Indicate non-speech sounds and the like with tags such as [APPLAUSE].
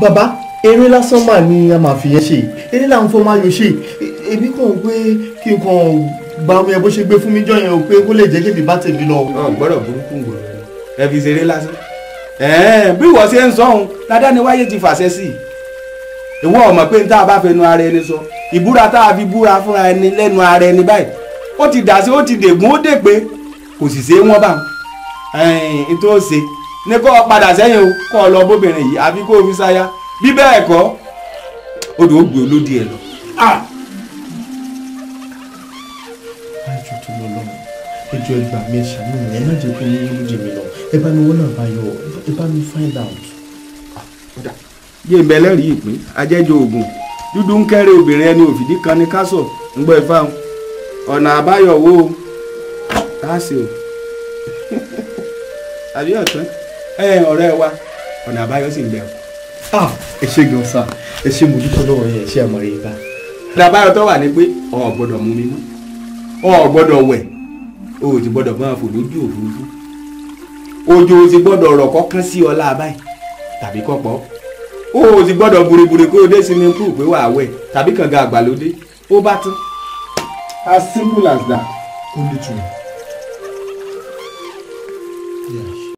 baba eré lásán mà ni a máa fi yẹn ṣe eré làwọn fọmọ ayò ṣe èmi kàn pé kí n kàn gba omi ẹ bó ṣe gbé fún mi jọ yẹn o pé kó lè jẹ́ kí èmi bá tèmi lọ. gbọ́dọ̀ burúkú gbòòrò ẹ fi ṣeré lásán bí ìwọ ṣe ń sọ òun dáadáa ni wáyé ti fàṣẹ sí i ìwọ ọmọ pé tá a bá fẹnu ara ẹni sọ ìbúra tá a fi búra fúnra ẹni lẹ́nu ara ẹni báyìí ó ti dà sí ó ti dègún ó dè pé kò sì ṣe é wọ́n bá ń tó ṣe ní kó o padà sẹ́yìn o kó o lọ bóbìnrin yìí àfi kó o fi ṣáyà bí bẹ́ẹ̀ kọ́ odò ó gbé olódì ẹ lọ. ẹjọ́ tó lọ lọ́wọ́ ẹjọ́ ẹgbà mi ẹ ṣàánú mi ẹ má jẹ́ kó yín lóde mi lọ ẹ bá mi wọ́n náà bá yọ ẹ bá mi find out. yé ìbẹ̀ lẹ́rìí ìpín ajẹ́jọ́ oògùn dúdú ń kẹ́rẹ́ obìnrin ẹni òfìdí kan ní kásọ̀ ń gbọ́ ifá wọn ọ̀nà àbáyọ wo tá a o [LAUGHS] àbí ọ̀tún ẹ ọ̀rẹ́ wa ọ̀nà àbáyọ sì ń bẹ o. Ah, ẹ ṣe gan sa ẹ ṣe mo dúpẹ́ lọ́wọ́ yẹn ṣe àmọ́ rẹ̀ bá. ọ̀nà àbáyọ tó wà ní pé o gbọ́dọ̀ mú mi mọ́ o gbọ́dọ̀ wẹ̀ o ti gbọ́dọ̀ máa fò lójú òfurufú òjò ò ti gbọ́dọ̀ ọ̀rọ̀ kọ́kán sí ọ láàbáyé tàbí kọ́pọ́ o ti gbọ́dọ̀ burúburú pé o dé sinmi kú pé wàá wẹ̀ tàbí kànga àgbàlódé ó bá tán. as simple as that. Only